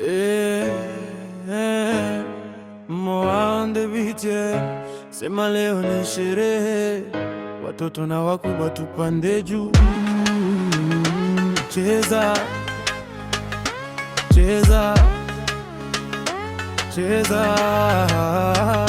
Eh, eh, Moyo ndebite sema leo ni sherehe, watoto na wakubwa tupande juu, cheza cheza cheza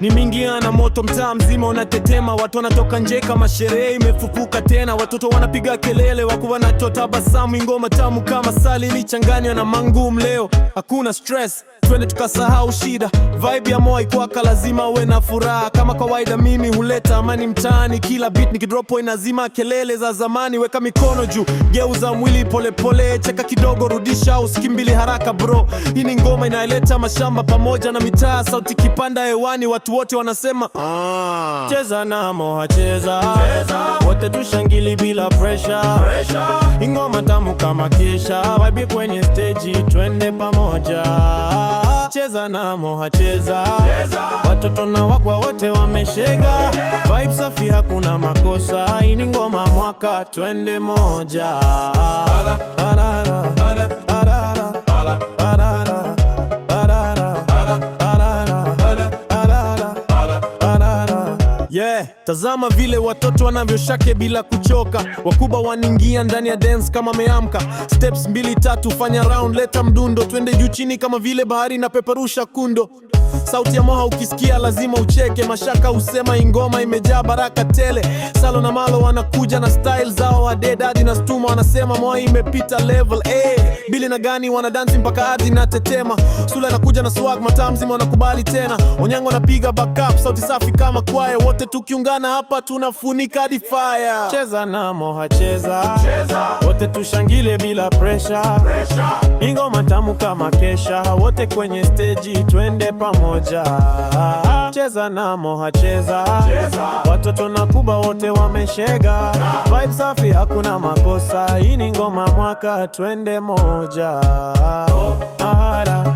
ni mingi ana moto, mtaa mzima unatetema, watu wanatoka nje kama sherehe imefufuka tena. Watoto wanapiga kelele, wako wanatota basamu, ingoma tamu kama sali ilichanganywa na mangum. Leo hakuna stress, twende tukasahau shida, vibe ya moyo kwaka, lazima uwe na furaha. Kama kawaida, mimi huleta amani mtaani, kila beat nikidropo inazima kelele za zamani. Weka mikono juu, geuza mwili polepole pole, cheka kidogo, rudisha, usikimbili haraka bro. Hii ni ngoma inaeleta mashamba pamoja na mitaa, sauti kipanda hewani watu watu wote wanasema ah. Cheza namo cheza, wote tushangili bila pressure, pressure. Ingoma tamu kama kesha, wabi kwenye stage twende pamoja. Cheza namo cheza, watoto na wakwa wote wameshega, vibe safi hakuna makosa, ini ngoma mwaka twende moja. Ala, ala, ala, ala. Tazama vile watoto wanavyoshake bila kuchoka, wakubwa wanaingia ndani ya dance kama ameamka. Steps mbili tatu, fanya round, leta mdundo, twende juu chini kama vile bahari na peperusha kundo. Sauti ya Moha ukisikia lazima ucheke, mashaka usema ingoma imejaa baraka tele. Kalo na Malo wanakuja na style zao, Adedadi na Stuma wanasema Moi imepita level A. Eh. Bili na Gani wanadansi mpaka ardhi na tetema, Sula anakuja na swag matamzima wanakubali tena, Onyango anapiga backup, sauti safi kama kwaya, wote tukiungana hapa tunafunika hadi fire. Cheza na Moha cheza, Wote tushangile bila pressure, pressure. Ngoma tamu kama kesha, wote kwenye stage twende pamoja. Cheza na Moha cheza. Watoto na Kuba wote wameshega, vibe safi, hakuna makosa. Hii ni ngoma mwaka, twende moja ara,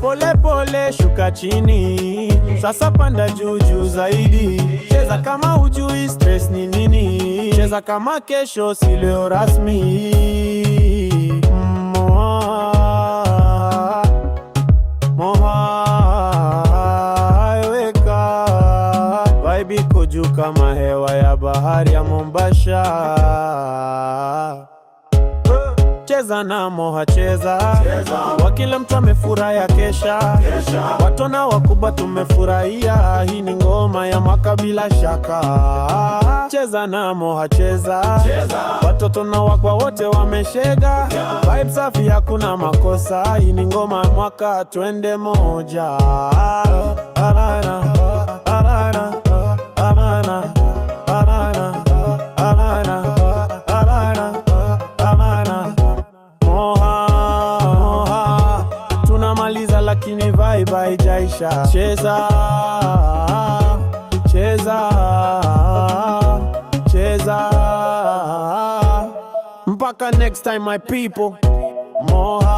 Pole pole, shuka chini, sasa panda juu juu zaidi. Cheza kama hujui stress ni nini, cheza kama kesho si leo rasmi biko juu kama hewa ya bahari ya Mombasa. Cheza na moha cheza wakila mtu amefurahia kesha, watona wakubwa tumefurahia. Hii ni ngoma ya mwaka bila shaka. Cheza na moha cheza watoto na wakwa wote wameshega, vibe safi, hakuna makosa. Hii ni ngoma ya mwaka, twende moja. bye bye Jaisha. Cheza, cheza, cheza mpaka next time my people. Moha